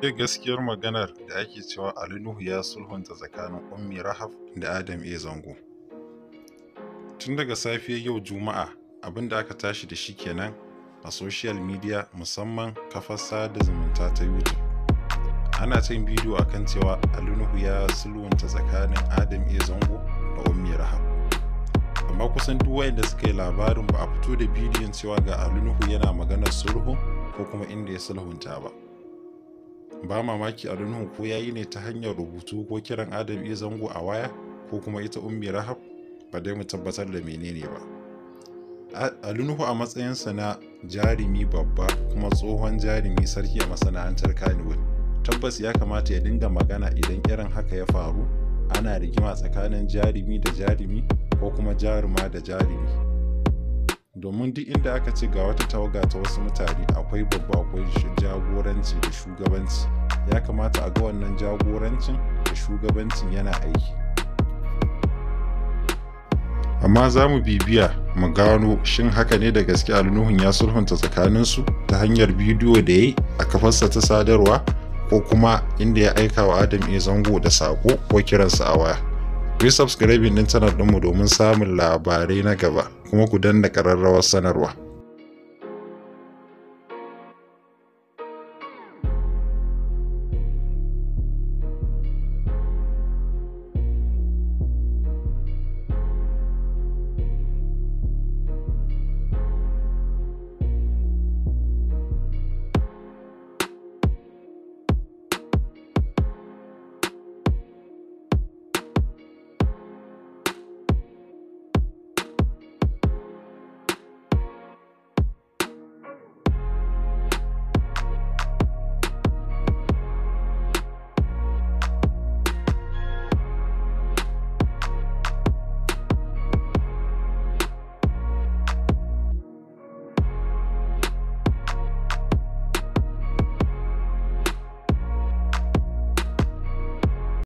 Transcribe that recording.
Ke gaskiyar maganar da ake cewa Ali Nuhu ya sulhunta tsakanin Ummi rahab da Adam e Zango. Tun daga safiya yau Juma'a abin da aka tashi da shi kenan a social media musamman kafar sada zumunta ta YouTube. Ana cin bidiyo a kan cewa Ali Nuhu ya sulhunta tsakanin Adam e Zango da Ummi rahab Amma kusan duk wayanda suka yi labarin ba a fito da bidiyon cewa ga Ali Nuhu yana maganar sulhu ko kuma inda ya sulhunta ba. ba mamaki a nuhu ko yi ne ta hanyar rubutu ko kiran adam iya zango a waya ko kuma ita ummi rahab ba dai mu tabbatar da menene ba alinuhu a matsayin sa na jarumi babba kuma tsohon jarumi sarki a masana'antar kanewood tabbas ya kamata ya dinga magana idan irin haka ya faru ana rigima tsakanin jarumi da jarumi ko kuma jaruma da jarumi domin duk inda aka ce ga wata tawaga ta wasu mutane akwai babba akwai jagoranci da shugabanci ya kamata a ga wannan jagorancin da shugabancin yana aiki amma za mu bibiya mu gano shin haka ne da gaske alnuhun ya sulhunta tsakaninsu ta hanyar bidiyo da ya yi a kafarsa ta sadarwa ko kuma inda ya aika wa adam e zango da sako ko kiransa a waya ku yi subscribing din channel ɗinmu domin samun labarai na gaba kuma ku danna ƙararrawar sanarwa.